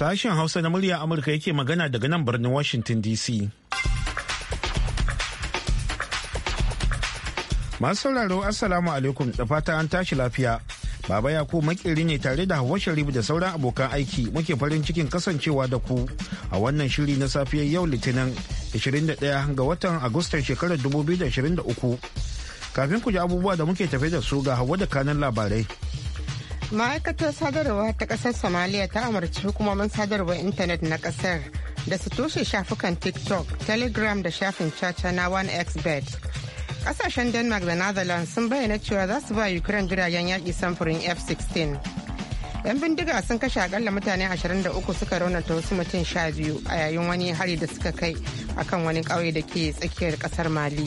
Sashen Hausa na murya Amurka yake magana daga nan birnin Washington DC. Masu sauraro Assalamu alaikum da fata an tashi lafiya. Baba Yaku makiri ne tare da hawa Sharif da sauran abokan aiki muke farin cikin kasancewa da ku a wannan shiri na safiyar yau Litinin 21 ga watan Agustan shekarar 2023. Kafin ku ji abubuwa da muke tafe da su ga hawa da kanan labarai. ma'aikatar sadarwa ta kasar somaliya ta amurci hukumomin sadarwar intanet na kasar da su toshe shafukan tiktok telegram da shafin caca na 1xbet kasashen denmark da netherlands sun bayyana cewa za su ba ukraine jiragen yaƙi samfurin f-16 yan bindiga sun kashe akalla mutane 23 suka raunata wasu mutum 12 a yayin wani hari da suka kai akan wani ƙauye da ke tsakiyar kasar mali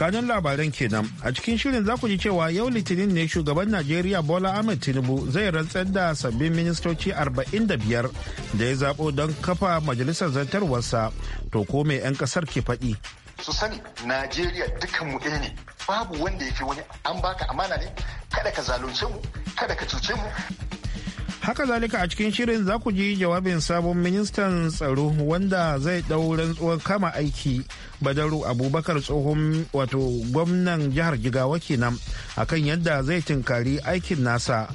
kanun labaran kenan a cikin shirin za ku ji cewa yau litinin ne shugaban najeriya bola ahmed tinubu zai rantsar da sabbin ministoci 45 da ya zaɓo don kafa majalisar zartarwarsa to ko mai 'yan kasar ke faɗi su sani najeriya dukan mu ɗaya ne babu wanda ya fi wani an baka amana ne kada ka zalunce mu kada ka cuce mu haka zalika a cikin shirin za ku ji jawabin sabon ministan tsaro wanda zai ɗau rantsuwar kama aiki badaru abubakar tsohon wato gwamnan jihar jigawa kenan akan yadda zai tinkari aikin nasa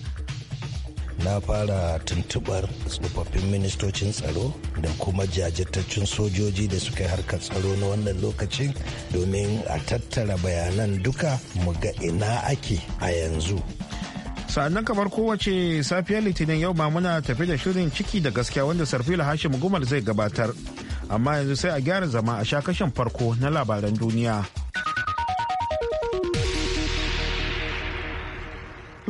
na fara tuntubar tsofaffin ministocin tsaro da kuma jajirtaccen sojoji da suka yi harkar tsaro na wannan lokacin domin a tattara bayanan duka mu ga ina ake a yanzu sa'annan kamar kowace safiyar litinin yau ma muna tafi da shirin ciki da gaskiya wanda sarfila hashim gumal zai gabatar amma yanzu sai a gyara zama a sha kashin farko na labaran duniya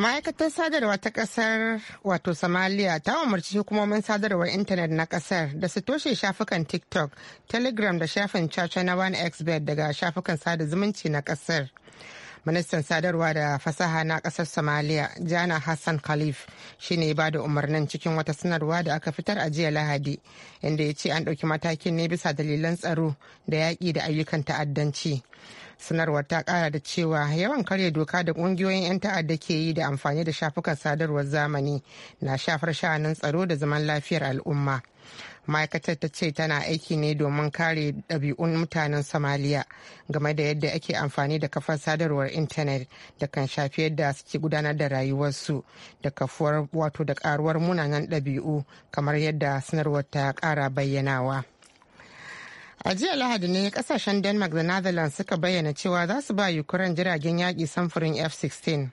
ma'aikatar sadarwa ta kasar wato samaliya ta umarci hukumomin sadarwar intanet na kasar da su toshe shafukan tiktok telegram da shafin caca na 1xbet daga shafukan sada zumunci na kasar ministan sadarwa da fasaha na kasar somalia jana hassan khalif shine ba da umarnin cikin wata sanarwa da aka fitar a jiya lahadi inda ya ce an ɗauki matakin ne bisa dalilan tsaro da yaƙi da ayyukan ta'addanci sanarwar ta ƙara da cewa yawan karya doka da ƙungiyoyin 'yan ta'adda ke yi da amfani da shafukan sadarwar zamani na shafar sha'anin tsaro da zaman lafiyar al'umma ma'aikatar ta ce tana aiki ne domin kare ɗabi'un mutanen somaliya game da yadda ake amfani da kafar sadarwar intanet da kan shafi yadda suke gudanar da rayuwarsu da kafuwar wato da karuwar munanan ɗabi'u kamar yadda sanarwar ta kara bayyanawa A jiya Lahadi ne kasashen Denmark da Netherlands suka bayyana cewa za su ba Ukraine jiragen yaki samfurin F-16.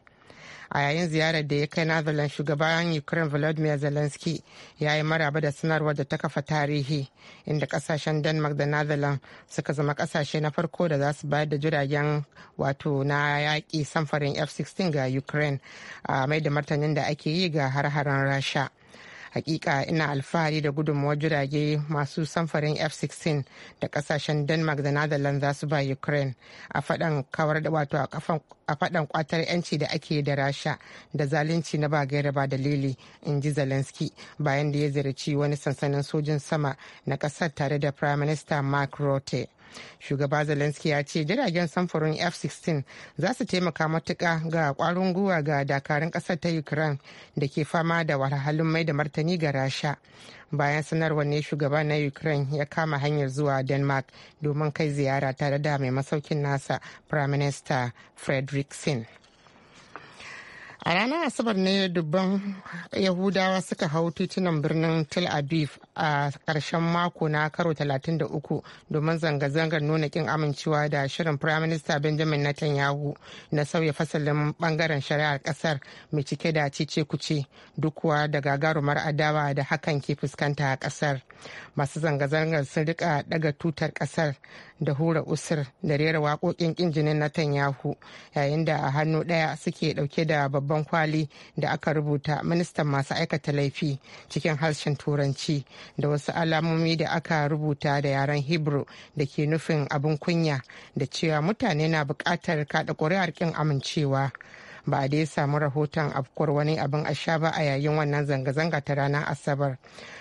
a yayin ziyarar da ya kai netherlands shugaban ukraine volodymyr zelensky ya yi maraba da sanarwar da ta kafa tarihi inda kasashen denmark da netherlands suka zama kasashe na farko da za su bayar da jiragen wato na yaƙi samfarin f-16 ga ukraine a mai da martanin da ake yi ga har-haren rasha hakika ina alfahari da gudunmawar jirage masu samfarin f-16 da kasashen denmark da netherlands za su ba ukraine a fadan kawar da wato a fadan kwatar yanci da ake da rasha da zalunci na ba ba dalili in ji zelensky bayan da ya ziyarci wani sansanin sojin sama na kasar tare da prime minister mark rote shugaba zelensky ya ce jiragen samfurin f-16 za su taimaka matuka ga kwarin gwiwa ga dakarun kasar ta ukraine da ke fama da wahalhalun mai da martani ga rasha bayan sanarwar ne shugaba na ukraine ya kama hanyar zuwa denmark domin kai ziyara tare da mai masaukin nasa prime minister fredrickson a ranar asabar ne dubban yahudawa suka hau titunan birnin tel aviv a ƙarshen mako na karo 33 domin zanga-zangar nuna kin amincewa da shirin firaminista benjamin netanyahu na sauya fasalin bangaren shari'ar ƙasar mai cike da cice kuce dukwa da gagarumar adawa da hakan ke fuskanta a ƙasar masu zanga-zangar sun rika daga tutar ƙasar da hura usur da rera waƙoƙin na tanyahu yayin da a hannu ɗaya suke ɗauke da babban kwali da aka rubuta ministan masu aikata laifi cikin harshen turanci da wasu alamomi da aka rubuta da yaren Hebrew da ke nufin abin kunya da cewa mutane na buƙatar kaɗa ƙuri'ar ƙin amincewa. ba a dai samu rahoton afkuwar wani abin a sha ba a yayin wannan zanga-zanga ta ranar asabar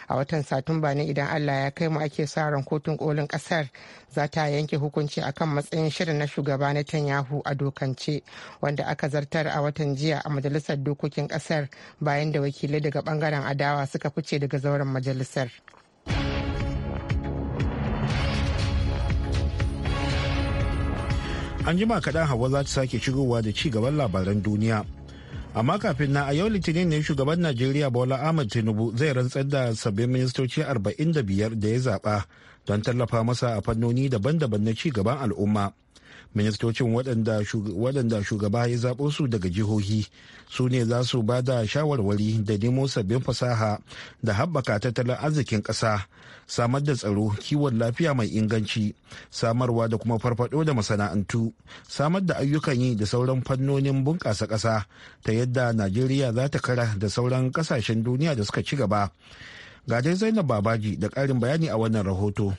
a watan satumba ne idan allah ya kai mu ake sa ran kotun kolin kasar za ta yanke hukunci akan matsayin shirin na shugaba na tanyahu a dokance wanda aka zartar a watan jiya a majalisar dokokin kasar bayan da wakilai daga bangaren adawa suka fice daga zauren majalisar. an jima kaɗan hawa za ta sake shigowa da ci gaban labaran duniya amma kafin na a yau litinin ne shugaban najeriya bola ahmed tinubu zai rantsar da sabbin ministoci 45 da ya zaɓa don tallafa masa a fannoni daban-daban na ci gaban al'umma ministocin waɗanda shugaba ya zaɓo su daga jihohi su ne za su ba da shawarwari da nemo sabbin fasaha da haɓaka tattalin arzikin ƙasa samar da tsaro kiwon lafiya mai inganci samarwa da kuma farfaɗo da masana'antu samar da ayyukan yi da sauran fannonin bunƙasa ƙasa ta yadda najeriya za ta kara da sauran ƙasashen duniya da suka ci gaba ga dai zainab babaji da ƙarin bayani a wannan rahoto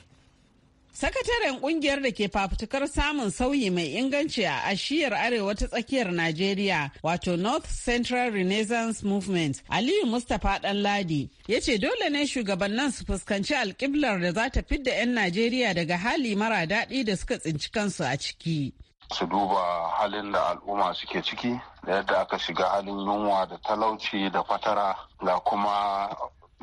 Sakataren kungiyar da ke fafutukar samun sauyi mai inganci a ashiyar arewa ta tsakiyar Najeriya wato North Central Renaissance Movement Aliyu Mustapha Danladi ya ce dole ne shugabannin su fuskanci alƙiblar da za ta fidda 'yan Najeriya daga hali mara daɗi da suka tsinci kansu a ciki. Su duba halin da al'umma suke ciki da yadda aka shiga halin yunwa da talauci da fatara ga kuma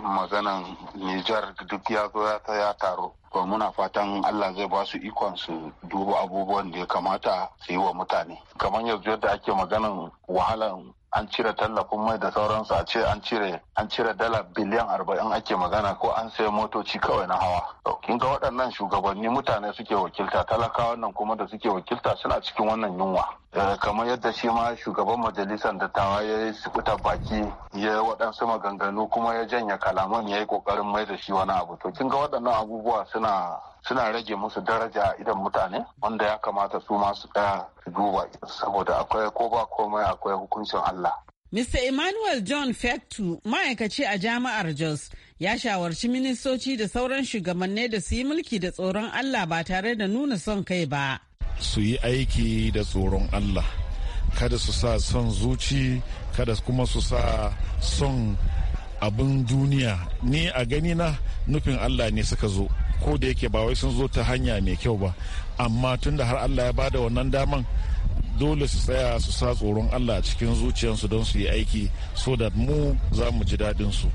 maganan Nijar duk ya zo ya taro. To muna fatan Allah zai ba su ikon su duba abubuwan da ya kamata su yi wa mutane. Kamar yanzu yadda ake maganan wahalan an cire tallafin mai da sauransu a ce an cire an cire dala biliyan arba'in ake magana ko an sayi motoci kawai na hawa kin ga waɗannan shugabanni mutane suke wakilta talakawa nan kuma da suke wakilta suna cikin wannan yunwa Eh, kamar yadda shi ma shugaban majalisar dattawa ya yi sukuta baki ya yi waɗansu maganganu kuma ya janya kalaman ya yi ƙoƙarin mai da shi wani abu to kin ga waɗannan abubuwa suna suna rage musu daraja a idan mutane wanda ya kamata su masu ɗaya su duba saboda akwai ko ba komai akwai hukuncin Allah. Mr. Emmanuel John Fectu ma'aikaci a jami'ar Jos ya shawarci ministoci da sauran shugabanni da su yi mulki da tsoron Allah ba tare da nuna son kai ba. su yi aiki da tsoron allah kada su sa son zuci kada kuma su sa son abin duniya ni a gani na nufin allah ne suka zo ko da yake ba wai sun zo ta hanya mai kyau ba amma tunda har allah ya bada wannan daman dole su tsaya su sa tsoron allah cikin zuciyarsu don su yi aiki so da mu za mu ji daɗin su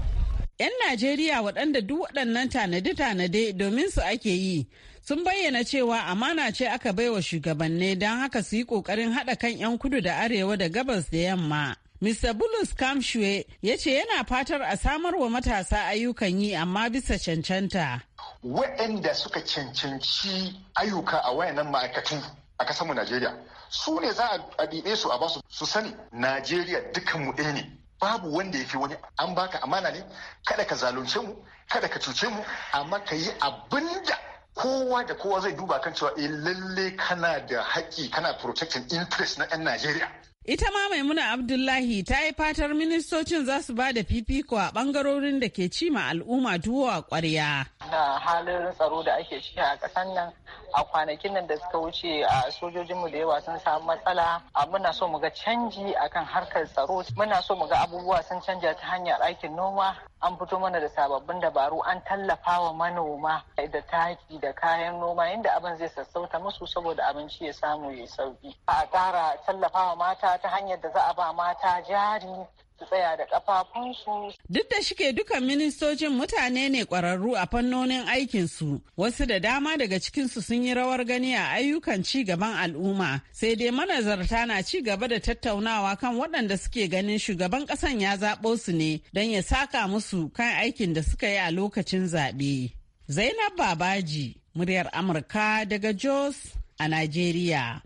'yan najeriya waɗanda duk waɗannan tanade-tanade domin su ake yi sun bayyana cewa amana ce aka baiwa shugabanni don haka su yi kokarin haɗa kan 'yan kudu da arewa da gabas da yamma. Mr. Bulus Kamshwe ya ce yana fatar a samar wa matasa ayyukan yi amma bisa cancanta. Waɗanda suka cancanci ayyuka a wayannan ma'aikatu a kasanmu Najeriya su ne za a ɗiɗe su a basu su sani Najeriya dukan mu ɗaya ne babu wanda ya fi wani an baka amana ne kada ka zalunce mu kada ka cuce mu amma ka yi abin da kowa da kowa zai duba kan cewa eh lalle kana da haƙƙi kana protecting interest na 'yan Najeriya. Ita ma Maimuna Abdullahi ta yi fatar ministocin za su ba da fifiko a bangarorin da ke cima al'umma duwa kwarya. Da halin tsaro da ake ciki a ƙasar nan a kwanakin nan da suka wuce a sojojinmu da yawa sun samu matsala a muna so mu ga canji akan harkar tsaro muna so mu ga abubuwa sun canja ta hanyar aikin noma an fito mana da sababbin dabaru an tallafa wa manoma da taki da kayan noma inda abin zai sassauta musu saboda abinci ya samu ya sauki a ƙara tallafa wa mata ta hanyar da za a ba mata jari tsaya da kafafunsu. Duk da shike dukan ministocin mutane ne kwararru a fannonin aikinsu, wasu da dama daga cikinsu sun yi rawar gani a ayyukan ci gaban al'umma. Sai dai manazarta na ci gaba da tattaunawa kan waɗanda suke ganin shugaban ƙasan ya zaɓo su ne don ya saka musu kan aikin da suka yi a lokacin zaɓe. Zainab Babaji, muryar Amurka daga Jos a Najeriya.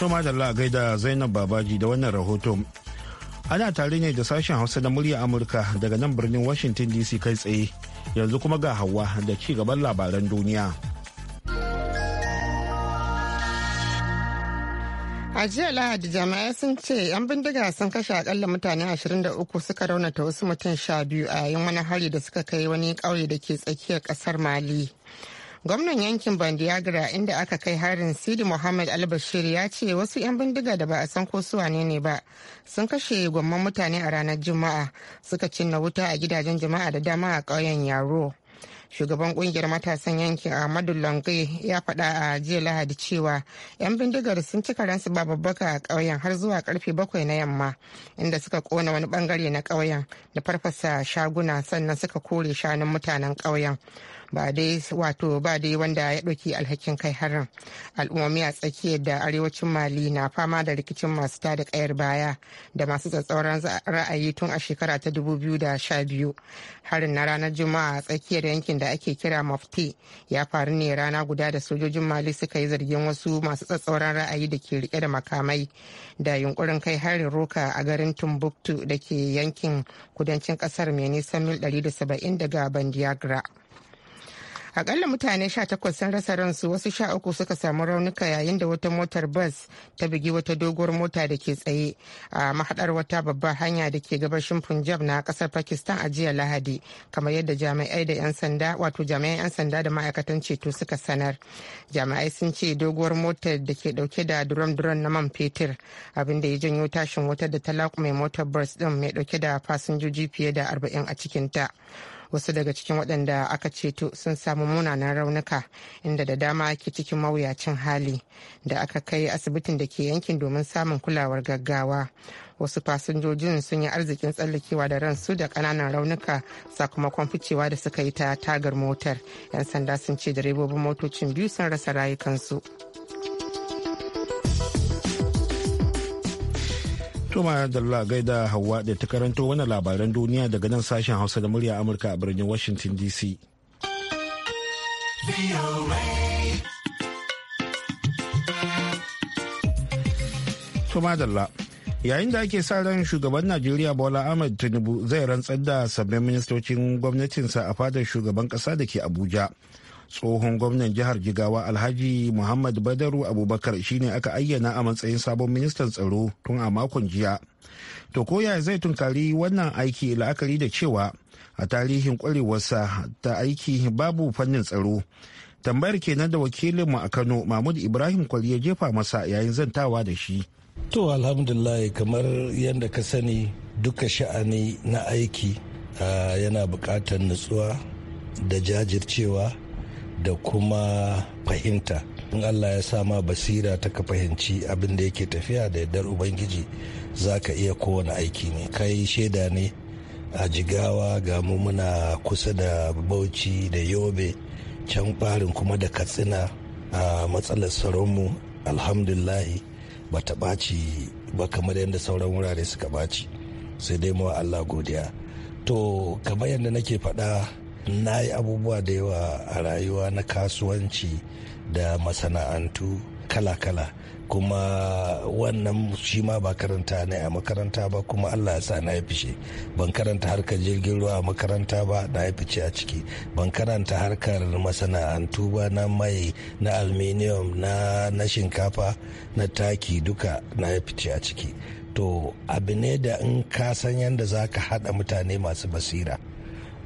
To madalla gaida Zainab Babaji da wannan rahoto. Ana tare ne da sashen Hausa na murya Amurka daga nan birnin Washington DC kai tsaye. Yanzu kuma ga hawa da ci gaban labaran duniya. A jiya Lahadi jami'ai sun ce 'yan bindiga sun kashe akalla mutane 23 suka raunata wasu mutum 12 a yayin wani hari da suka kai wani ƙauye da ke tsakiyar kasar Mali. gwamnan yankin bandiagra inda aka kai harin sidi muhammad albashir ya ce wasu 'yan bindiga da ba a san ko su wane ne ba sun kashe gwamman mutane a ranar juma'a suka cinna wuta a gidajen jama'a da dama a ƙauyen yaro shugaban kungiyar matasan yankin ahmadu lange ya faɗa a jiya lahadi cewa 'yan bindigar sun cika ransu ba babbaka a ƙauyen har zuwa karfe bakwai na yamma inda suka kona wani bangare na ƙauyen da farfasa shaguna sannan suka kore shanun mutanen ƙauyen ba dai wato ba dai wanda ya ɗauki alhakin kai harin al'ummomi a tsakiyar da arewacin mali na fama da rikicin masu tada kayar baya da masu tsatsauran ra'ayi tun a shekara ta 2012 harin na ranar juma'a a tsakiyar yankin da ake kira mafti ya faru ne rana guda da sojojin mali suka yi zargin wasu masu tsatsauran ra'ayi da ke rike da makamai da yunkurin kai harin roka a garin tumbuktu da ke yankin kudancin kasar mai nisan mil 170 daga bandiagra akalla mutane sha takwas sun rasa ransu wasu sha uku suka samu raunuka yayin da wata motar bas ta bugi wata doguwar mota da ke tsaye a mahadar wata babbar hanya da ke gabashin punjab na kasar pakistan a jiya lahadi kamar yadda jami'ai da 'yan sanda wato jami'ai 'yan sanda da ma'aikatan ceto suka sanar jami'ai sun ce doguwar motar da ke dauke da duran duran na man fetur abinda ya janyo tashin wata da ta mai motar bus din mai dauke da fasinjoji fiye da arba'in a cikinta. wasu daga cikin waɗanda aka ceto sun samu munanan raunuka inda da dama ke cikin mawuyacin hali da aka kai asibitin da ke yankin domin samun kulawar gaggawa wasu fasinjojin sun yi arzikin tsallakewa da ransu da ƙananan raunuka sakamakon ficewa da suka yi ta tagar motar 'yan sanda sun ce direbobin motocin biyu sun rasa rayukansu. Tuma Dalla gaida Hauwa da ta karanto wani labaran duniya daga nan sashen Hausa da murya Amurka a birnin Washington DC. Tuma Dalla. Yayin da ake sa ran shugaban Najeriya Bola Ahmed Tinubu zai rantsar da sabbin ministocin gwamnatinsa a fadar shugaban ƙasa da ke Abuja. tsohon gwamnan jihar jigawa alhaji muhammad badaru abubakar shine aka ayyana a matsayin sabon ministan tsaro tun a makon jiya to koya zai tunkari wannan aiki la'akari da cewa a tarihin kwarewarsa ta aiki babu fannin tsaro tambayar kenan da wakilinmu a kano mahmud ibrahim kwari ya jefa masa yayin zantawa da shi to alhamdulillah kamar yadda ka sani duka sha'ani na aiki ah, yana bukatar nutsuwa da jajircewa da kuma fahimta in allah ya sa ma basira ta ka fahimci abin da yake tafiya da yardar ubangiji za ka iya kowane aiki ne kai shaida ne a jigawa ga mu muna kusa da bauchi da yobe can farin kuma da katsina a matsalar tsaronmu alhamdulahi ba ta ɓaci ba kamar yadda sauran wurare suka ɓaci sai dai mawa allah godiya to kamar yadda nake faɗa na yi abubuwa da yawa a rayuwa na kasuwanci da masana'antu kala-kala kuma wannan shi ma ba karanta ne a makaranta ba kuma allah ya sa na ya fice ban karanta harkar jirgin ruwa a makaranta ba na ya fice a ciki ban karanta harkar masana'antu ba na mai na alminium na, na shinkafa na taki duka na ya fice a ciki to abu ne da in ka san yadda za ka haɗa mutane masu basira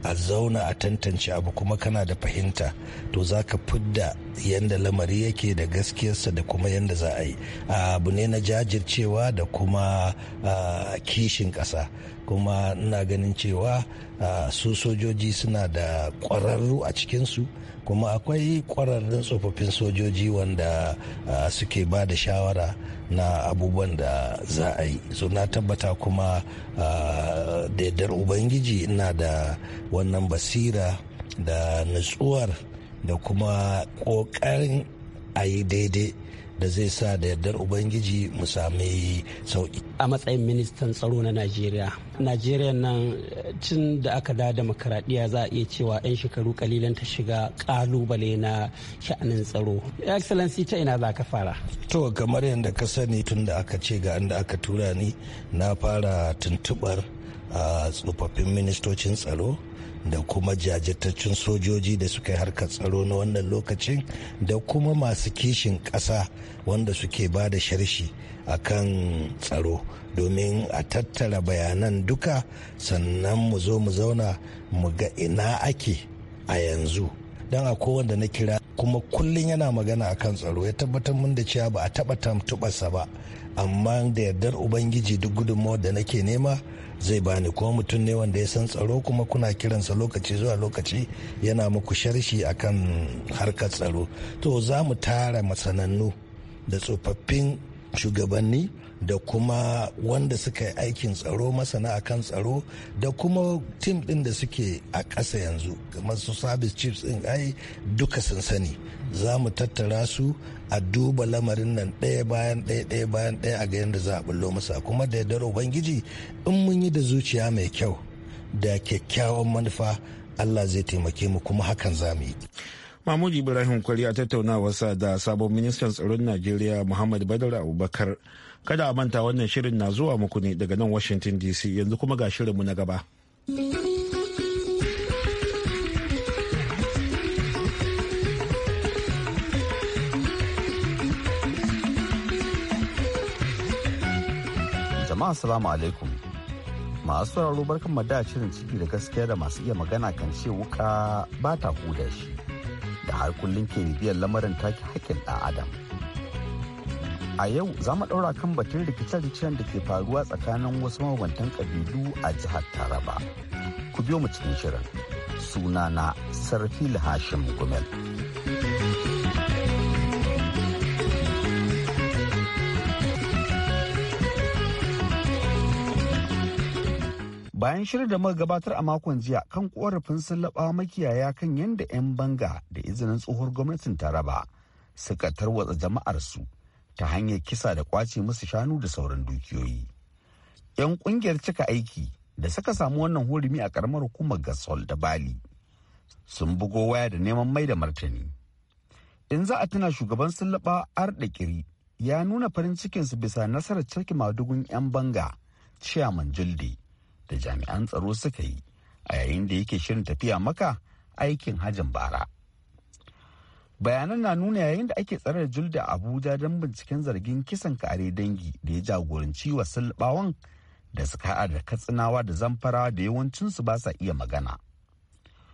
a zauna a tantance abu kuma kana da fahimta to za ka fidda yadda lamari yake da gaskiyarsa da kuma yadda za a yi abu ne na jajircewa da kuma kishin ƙasa kuma ina ganin cewa su sojoji suna da ƙwararru a cikinsu kuma akwai ƙwararrun tsofaffin sojoji wanda suke ba da shawara na abubuwan da za a yi so na tabbata kuma daidar ubangiji ina da wannan basira da nutsuwar da kuma ƙoƙarin a yi daidai da zai sa da yardar ubangiji mu sami sauki a matsayin ministan tsaro na najeriya najeriya nan tun da aka da demokaradiyya za a iya cewa 'yan shekaru kalilan ta shiga kalubale na sha'anin tsaro excellency ta ina za ka fara to kamar yadda ka sani tun da aka ce ga inda aka tura ni na fara tuntubar a ah, tsofaffin ministocin tsaro da kuma jajirtaccen sojoji da suka yi harkar tsaro na wannan lokacin da kuma masu kishin ƙasa wanda suke ba da sharshi a kan tsaro domin a tattara bayanan duka sannan mu zo mu zauna mu ga ina ake a yanzu don a kowanda na kira kuma kullum yana magana a kan tsaro ya tabbatar mun da cewa ba a taɓa tamtubarsa ba amma da yardar ubangiji duk gudunmawar da nake nema zai bani ko mutum ne wanda ya san tsaro kuma kuna kiransa lokaci zuwa lokaci yana muku sharshi akan harkar tsaro to za mu tara masanannu da tsofaffin shugabanni da kuma wanda suka yi aikin tsaro masana a kan tsaro da kuma tim din da suke a ƙasa yanzu kamar su service chiefs din ai duka sun sani za mu tattara su a duba lamarin nan ɗaya bayan ɗaya ɗaya bayan ɗaya a ga yadda za a bullo masa kuma da yardar ubangiji in mun yi da zuciya mai kyau da kyakkyawan manufa allah zai taimake mu kuma hakan za mu yi mahmud ibrahim kwari a tattaunawarsa da sabon ministan tsaron najeriya muhammad badar abubakar kada a manta wannan shirin na zuwa muku ne daga nan washington dc yanzu kuma ga shirinmu na gaba jama'a salamu alaikum masu sauraro barkan da shirin ciki da gaskiya da masu iya magana kan ce wuka ba ta shi da har kullum ke bibiyar lamarin take hakkin ɗan adam a yau za mu ɗaura kan batun rikice-rikicen da ke faruwa tsakanin wasu mabantan ƙabilu a jihar taraba ku biyo mu cikin shirin sunana sarfil hashim gumel bayan shirin da muka gabatar a makon jiya kan korafin sallaba makiyaya kan yadda 'yan banga da izinin tsohuwar gwamnatin taraba suka tarwatsa jama'arsu ta hanyar kisa da kwace musu shanu da sauran dukiyoyi 'yan kungiyar cika aiki da suka samu wannan hurumi a karamar hukumar gasol da bali sun bugo waya da neman mai da martani in za a tuna shugaban sallaba kiri ya nuna farin cikinsu bisa nasarar cirki madugun 'yan banga ciyaman julde da jami'an tsaro suka yi a yayin da yake shirin tafiya maka aikin hajin bara bayanan na nuna yayin da ake tsare da julda abuja don binciken zargin kisan kare dangi da ya jagoranci wa sulbawan da suka haɗa da katsinawa da zamfara da yawancinsu ba sa iya magana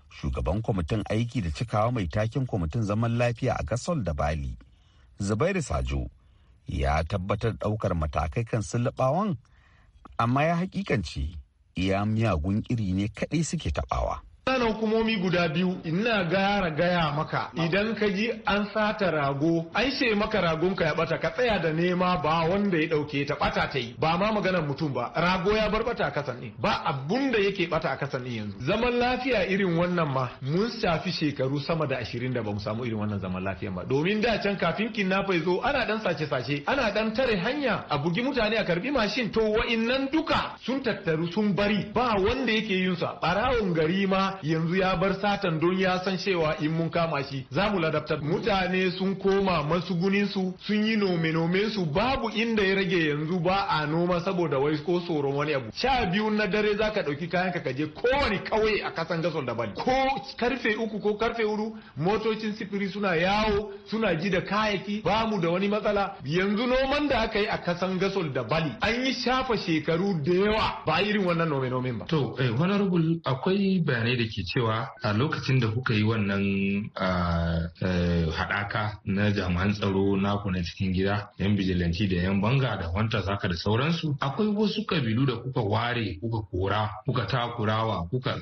shugaban kwamitin aiki da cikawa mai takin kwamitin zaman lafiya a gasol da bali zubairu sajo ya tabbatar ɗaukar matakai kan sulɓawan, amma ya hakikance iya miyagun iri ne kaɗai suke taɓawa. Ƙananan hukumomi guda biyu ina gara gaya maka idan ka ji an sata rago an ce maka ragonka ya bata ka tsaya da nema ba wanda ya dauke ta bata ta yi ba ma maganar mutum ba rago ya bar bata a kasan ɗin ba abun da yake bata a kasan ɗin yanzu. Zaman lafiya irin wannan ma mun shafi shekaru sama da ashirin da ba mu samu irin wannan zaman lafiya ba domin da can kafin kinnafa ya zo ana dan sace sace ana dan tare hanya a bugi mutane a karbi mashin to wa'innan duka sun tattaru sun bari ba wanda yake yin sa barawon gari ma yanzu ya bar satan don ya san cewa in mun kama shi za mu ladabtar mutane sun koma masugunin su sun yi nome nome su babu inda ya rage yanzu ba a noma saboda wai ko tsoron wani abu sha biyu na dare za ka ɗauki kayan ka je kowane kauye a kasan gasol da bali ko karfe uku ko karfe huɗu motocin sifiri suna yawo suna ji da kayaki ba mu da wani matsala yanzu noman da aka yi a kasan gasol da bali an yi shafa shekaru da yawa ba irin wannan nome nomen ba to eh honorable akwai bayanai da ke cewa a lokacin da kuka yi wannan haɗaka na jami'an tsaro naku na cikin gida yan bijilanci da yan banga da wanta saka da sauransu akwai wasu kabilu da kuka ware kuka kora kuka takurawa kuka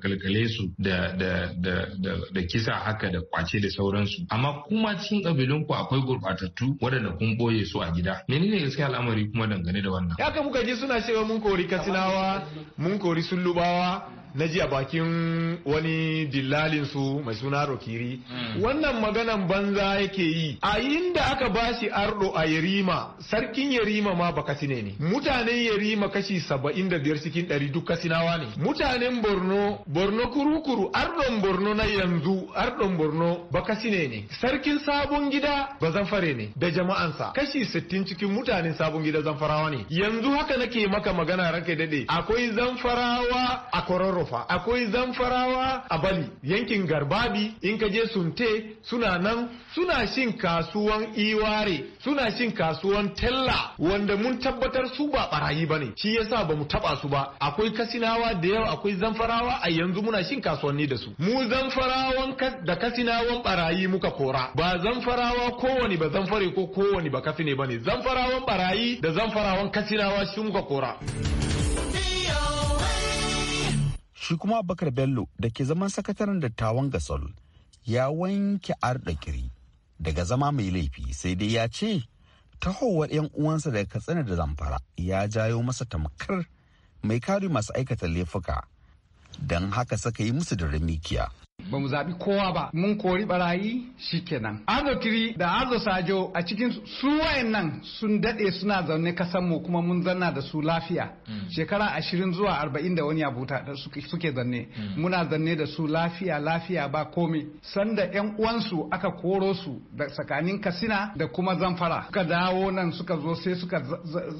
galgale su da kisa haka da kwace da sauransu amma kuma cikin kabilun ku akwai gurbatattu waɗanda kun boye su a gida menene gaskiya al'amari kuma dangane da wannan ka muka ji suna cewa mun kori katsinawa mun kori sullubawa na ji a bakin wani dillalin su mai suna rokiri hmm. wannan maganan banza yake yi a inda aka bashi ardo a yarima sarkin yarima ma ba kasine ne mutanen yarima kashi saba'in da biyar cikin ɗari duk kasinawa ne mutanen borno borno kurukuru ardon borno na yanzu ardon borno ba kasine ne sarkin sabon gida ba zanfare ne da jama'ansa kashi sittin cikin mutanen sabon gida zanfarawa ne yanzu haka nake maka magana ranka dade akwai zanfarawa a kororo rufa akwai zamfarawa a bali yankin garbabi in ka je sunte suna nan suna shin kasuwan iware suna shin kasuwan tella wanda mun tabbatar su ba barayi ba ne shi yasa ba mu taba su ba akwai kasinawa da yawa akwai zamfarawa a yanzu muna shin kasuwanni da su mu zamfarawan da kasinawan barayi muka kora ba zamfarawa kowani ba zamfare ko kowani ba ba ne zamfarawan barayi da zamfarawan kasinawa shi muka kora shi kuma Abubakar bello da ke zaman sakataren dattawan gasol ya wanke arɗakiri daga zama mai laifi sai dai ya ce tahowar 'yan uwansa daga katsina da zamfara ya jayo masa tamkar mai kare masu aikata laifuka don haka saka yi musu da ramikiya ba mu zaɓi kowa ba mun kori barayi shikenan azo tiri da azo sajo a cikin su nan sun daɗe suna zaune kasan mu kuma mun zanna da su lafiya mm. shekara ashirin zuwa arba'in da wani da suke zanne mm. muna zanne da su lafiya lafiya ba komi sanda yan uwansu aka koro su da tsakanin kasina da kuma zamfara suka dawo nan suka zo sai suka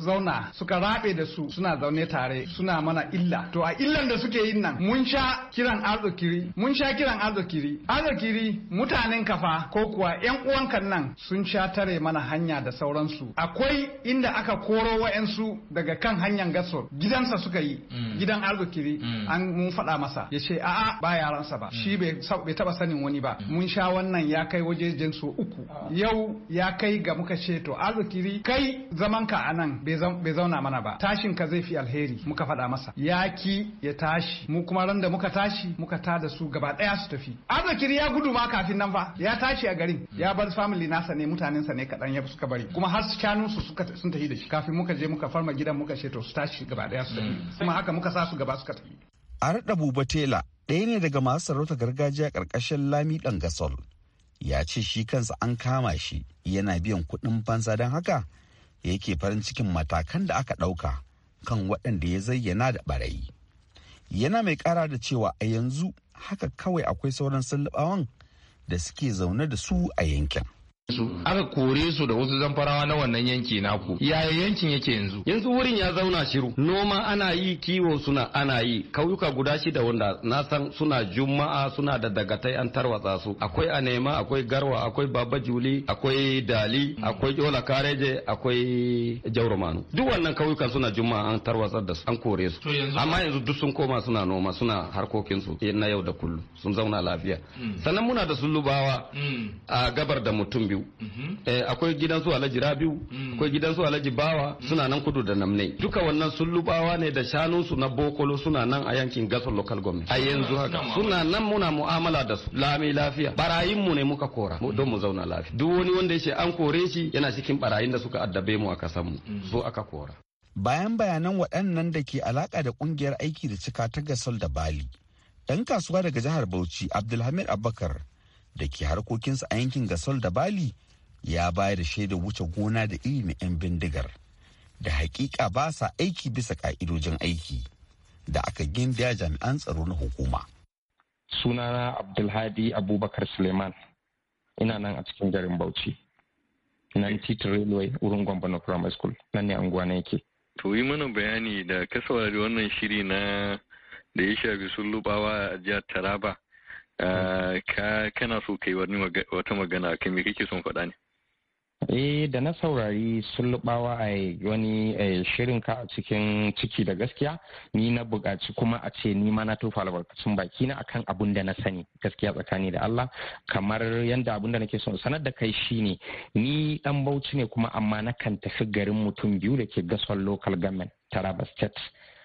zauna suka raɓe da su suna zaune tare suna mana illa to a illan da suke yin nan mun sha kiran arzikiri mun sha kiran kiran arzikiri. Arzikiri mutanen kafa ko kuwa yan uwankan nan sun sha tare mana hanya da sauransu akwai inda aka koro wa'yansu daga kan hanyar gaso gidansa suka yi mm. gidan arzikiri mm. an mun faɗa masa ya ce a'a ba yaransa ba mm. shi bai taba sanin wani ba mun sha wannan ya kai wajejen so uku ah. yau ya kai ga muka ce to arzikiri kai zamanka a nan bai zauna mana ba tashin ka zai fi alheri muka faɗa masa ya ki ya tashi mu kuma randa muka tashi muka ta da su gaba ɗaya su tafi arzikiri ya gudu ma kafin nan fa ya tashi a garin hmm. ya bar family nasa ne mutanen ne kadan ya suka bari kuma har shanu su suka sun tafi da shi kafin muka je muka farma gidan muka ce to su tashi gaba daya su tafi hmm. kuma haka muka sa su gaba suka tafi Arda Bubatela ɗaya ne daga masu sarauta gargajiya karkashin Lami gasol ya ce shi kansa an kama shi yana biyan kuɗin fansa don haka yake farin cikin matakan da aka ɗauka kan waɗanda ya zayyana da ɓarayi. Yana mai ƙara da cewa a yanzu haka kawai akwai sauran sallabawan da suke zaune da su a yankin su aka kore su da wasu zamfarawa na wannan yanki naku yaya yankin yake yanzu yanzu wurin ya zauna shiru noma ana yi kiwo suna ana yi kauyuka guda shida wanda na san suna juma'a suna da dagatai an tarwatsa su akwai anema akwai garwa akwai baba juli akwai dali akwai jola kareje akwai jaurumanu duk wannan kauyukan suna juma'a an tarwatsar da su an kore su amma yanzu duk sun koma suna noma suna harkokin su na yau da kullum sun zauna lafiya hmm. sannan muna da sulubawa hmm. a gabar da mutum biyu biyu mhm. eh, akwai gidan su alhaji rabiu mm. akwai gidan su alhaji bawa mm. suna nan kudu da namne duka wannan sun lubawa ne da shanun su na bokolo suna nan a yankin gasar local government a yanzu haka suna nan muna mu'amala da su lami lafiya barayin mu ne muka kora don mu zauna lafiya duk wani wanda ya ce an kore shi yana cikin barayin da suka addabe mu a kasan mu mm. so aka kora bayan bayanan waɗannan da ke alaƙa da ƙungiyar aiki da cika ta gasol da bali ɗan kasuwa daga jihar bauchi abdulhamid abubakar da ke harkokinsa a yankin gasol da bali ya bayar da shaidar wuce gona da iri 'yan bindigar da hakika ba sa aiki bisa ka'idojin aiki da aka gindaya jami'an tsaro na hukuma. sunana abdulhadi abubakar suleiman ina nan a cikin garin bauchi nan titin railway wurin gwambano primary school nan ne anguwa na yake to yi mana bayani da kasawa da wannan shiri na da ya shafi sun lubawa a jihar taraba Eh, ka kana so kai wata magana kai me kake son faɗa ne eh da na saurari sullubawa a wani eh, shirin ka a cikin ciki da gaskiya ni na buƙaci kuma a ce ni ma na tofa albarkacin baki na akan abun da na sani gaskiya tsakani da Allah kamar yadda abun da nake son sanar da kai shine ni ɗan Bauchi ne kuma amma na kan tafi garin mutum biyu da ke gasar local government Taraba state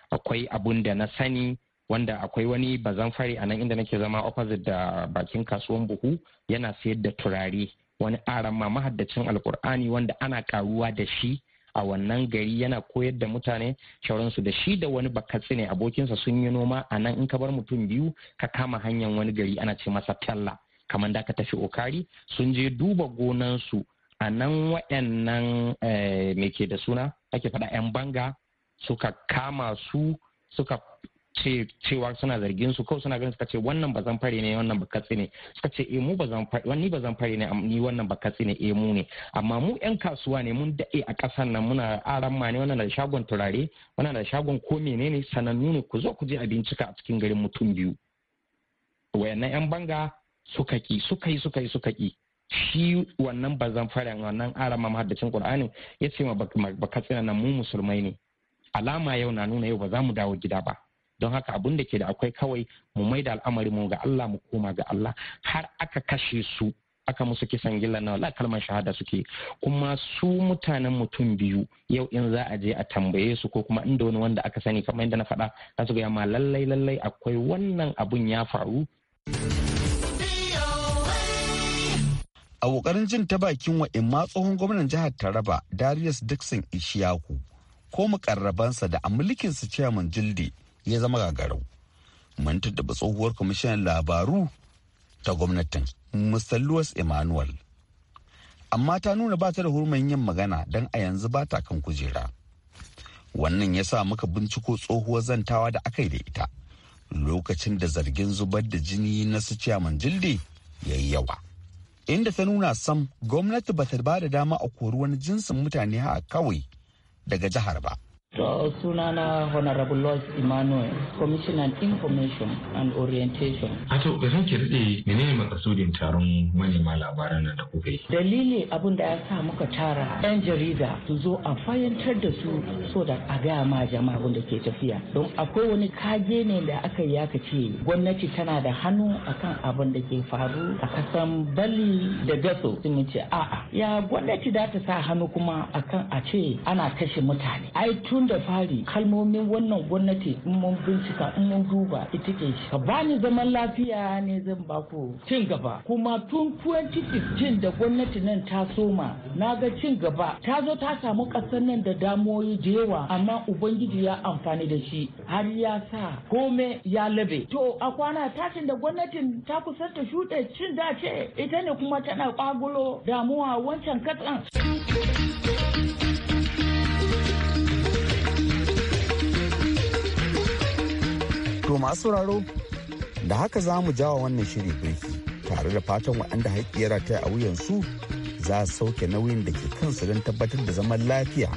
akwai abun da na sani wanda akwai wani bazan fari a nan inda nake zama opposite da bakin kasuwan buhu yana sayar da turare wani ma mahaddacin alkur'ani wanda ana karuwa da shi a wannan gari yana koyar da mutane shauransu da shi da wani bakatsi ne abokinsa sun yi noma a nan in ka bar mutum biyu ka kama hanyar wani gari ana ce masa talla kamar da ka tafi okari sun je duba gonansu a nan waɗannan eh, mai ke da suna ake faɗa 'yan banga suka kama su suka cewa suna zargin su ko suna ganin suka ce wannan ba zan fare ne wannan ba katsi ne suka ce eh mu ba zan fare wani ba zan fare ne ni wannan ba katsi ne eh mu ne amma mu yan kasuwa ne mun dade a ƙasar nan muna aran ma ne wannan da shagon turare wannan da shagon ko menene sanannu ne ku zo ku je abincika a cikin garin mutum biyu wayannan yan banga suka ki suka yi suka yi suka ki shi wannan ba zan fare wannan arama mahaddacin qur'ani ya ce ma ba katsi nan mu musulmai ne alama yau na nuna yau ba za mu dawo gida ba don haka abun da ke da akwai kawai mu mai da al'amari mu ga Allah mu koma ga Allah har aka kashe su aka musu kisan gilla na wala kalmar shahada suke kuma su mutanen mutum biyu yau in za a je a tambaye su ko kuma inda wani wanda aka sani kamar yadda na faɗa za su ga ma lallai lallai akwai wannan abun ya faru a kokarin jin ta bakin wa'imma tsohon gwamnan jihar taraba darius dixon ishiyaku ko mukarrabansa da a su ciyaman jildi ya zama gagarau mun tattaba tsohuwar kwamishinan labaru ta gwamnatin mr louis emmanuel amma ta nuna ba ta da hurumin yin magana don a yanzu ba ta kan kujera wannan ya sa muka binciko tsohuwar zantawa da aka yi da ita lokacin da zargin zubar da jini na su ciyaman jilde ya yi yawa inda ta nuna sam gwamnati ba ta ba da dama a kori wani jinsin mutane a kawai daga jihar ba To sunana Honorable Lodge Emmanuel, Commissioner Information and Orientation. A ah, to da ranke daɗe menene makasudin taron manema labaran nan da kuka yi? Dalili abin da ya sa muka tara 'yan jarida su zo a fayantar da su so da a gaya ma jama'a abin da ke tafiya. Don akwai wani kage ne da aka yi aka ce gwamnati tana da hannu akan abin da ke faru a kasan Bali da Gaso. Sun ce a'a ya gwamnati da ta sa hannu kuma akan a ce ana kashe mutane. Ai tun tun da fari kalmomin wannan gwamnati in mun bincika in mun duba ita ke ka bani zaman lafiya ne zan ba ku. cin gaba kuma tun 2015 da gwamnati nan ta soma na ga cin gaba ta zo ta samu kasar nan da damoyi da yawa amma ubangiji ya amfani da shi har ya sa kome ya labe to a kwana tashin da gwamnatin ta kusa ta shuɗe cin dace ita ne kuma tana kwagulo damuwa wancan katsan. To masu sauraro da haka za mu jawa wannan shiri birki tare da fatan waɗanda haƙƙi ta rataya a wuyansu za a sauke nauyin da ke kansu don tabbatar da zaman lafiya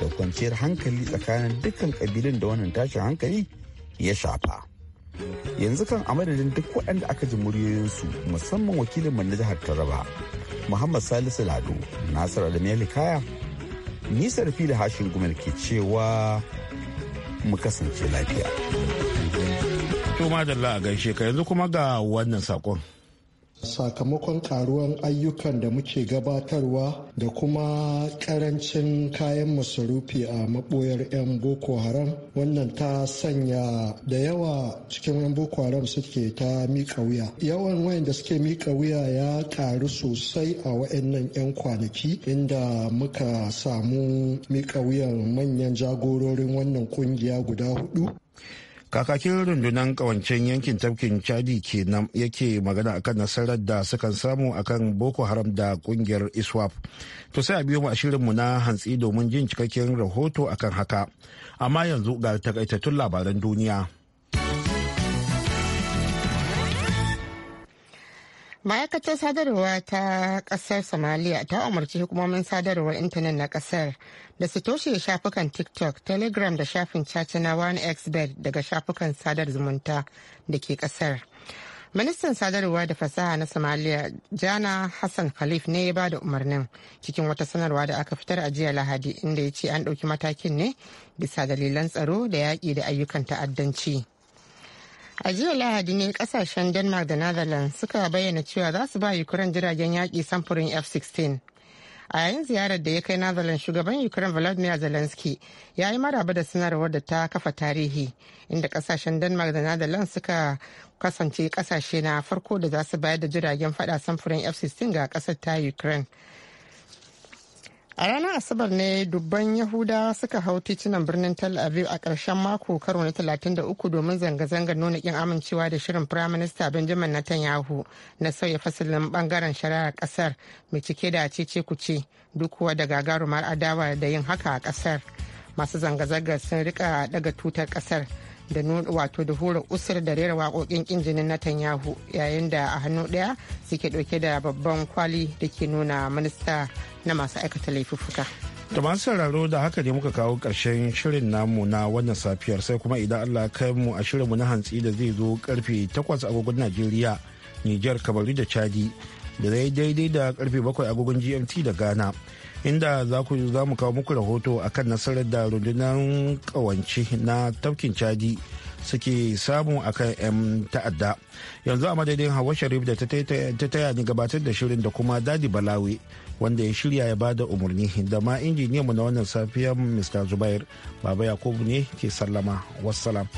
da kwanciyar hankali tsakanin dukkan ƙabilun da wannan tashin hankali ya shafa. Yanzu kan a madadin duk waɗanda aka ji muryoyinsu musamman wakilin mu na jihar Taraba, Muhammad Salisu Lado, Nasir Adamu Kaya, Nisar Fili Hashin Gumel ke cewa mu kasance lafiya. To madalla a gaishe ka yanzu kuma ga wannan sakon. sakamakon karuwan ayyukan da muke gabatarwa da kuma karancin kayan masarufi a maboyar 'yan boko haram wannan ta sanya da yawa cikin 'yan boko haram suke ta miƙa wuya yawan wayanda suke miƙa wuya ya karu sosai a wayannan 'yan kwanaki inda muka samu miƙa wuyan manyan jagororin wannan kungiya guda hudu kakakin rundunan kawancen yankin tafkin chadi kenan yake magana akan nasarar da sukan samu akan boko haram da kungiyar iswap to sai a biyo mu a shirinmu na hantsi domin jin cikakken rahoto akan haka amma yanzu ga takaitattun labaran duniya ma'aikatar sadarwa ta kasar somalia ta umarci hukumomin sadarwar intanet na kasar da su toshe shafukan tiktok telegram da shafin caca na x xbet daga shafukan sadar zumunta da ke kasar ministan sadarwa da fasaha na somalia jana hassan khalif ne ya bada umarnin cikin wata sanarwa da aka fitar a jiya lahadi inda ya ce an ɗauki matakin ne bisa dalilan tsaro da yaƙi da ayyukan ta'addanci. a jiya lahadi ne kasashen denmark da netherlands suka bayyana cewa za su ba ukraine jiragen yaƙi samfurin f-16 a yayin ziyarar da ya kai netherlands shugaban ukraine volodymyr zelensky ya yi maraba da sanarwar da ta kafa tarihi inda kasashen denmark da netherlands suka kasance kasashe na farko da za su bayar da jiragen fada samfurin f-16 ga kasar ta ukraine A ranar Asabar ne dubban Yahudawa suka hau titunan birnin Tel Aviv a ƙarshen mako karo na 33 domin zanga-zangar nuna ƙin amincewa da shirin Firaminista Benjamin Netanyahu na sauya fasalin bangaren shari'ar ƙasar mai cike da cece kuce duk kuwa da gagarumar adawa da yin haka a ƙasar. Masu zanga-zangar sun rika daga tutar ƙasar da wato da hura usur da rera waƙoƙin injinin tanyahu yayin da a hannu daya suke ɗauke da babban kwali da ke nuna minista na masu aikata laifuka. Da masu sauraro da haka ne muka kawo ƙarshen shirin namu na wannan safiyar sai kuma idan Allah kai mu a shirinmu na hantsi da zai zo karfe 8 agogon Najeriya, Nijar, Kabaru da Chadi da daidai da karfe 7 agogon GMT da Ghana. inda za ku za mu kawo muku rahoto akan nasarar da rundunar kawance na tafkin cadi suke samu akan 'yan ta'adda yanzu a madadin hawa sharif da ta taya ni gabatar da shirin da kuma dadi balawe wanda ya shirya ya bada umarni da ma injiniyanmu na wannan safiya mr zubair baba yakubu ne ke sallama wassalam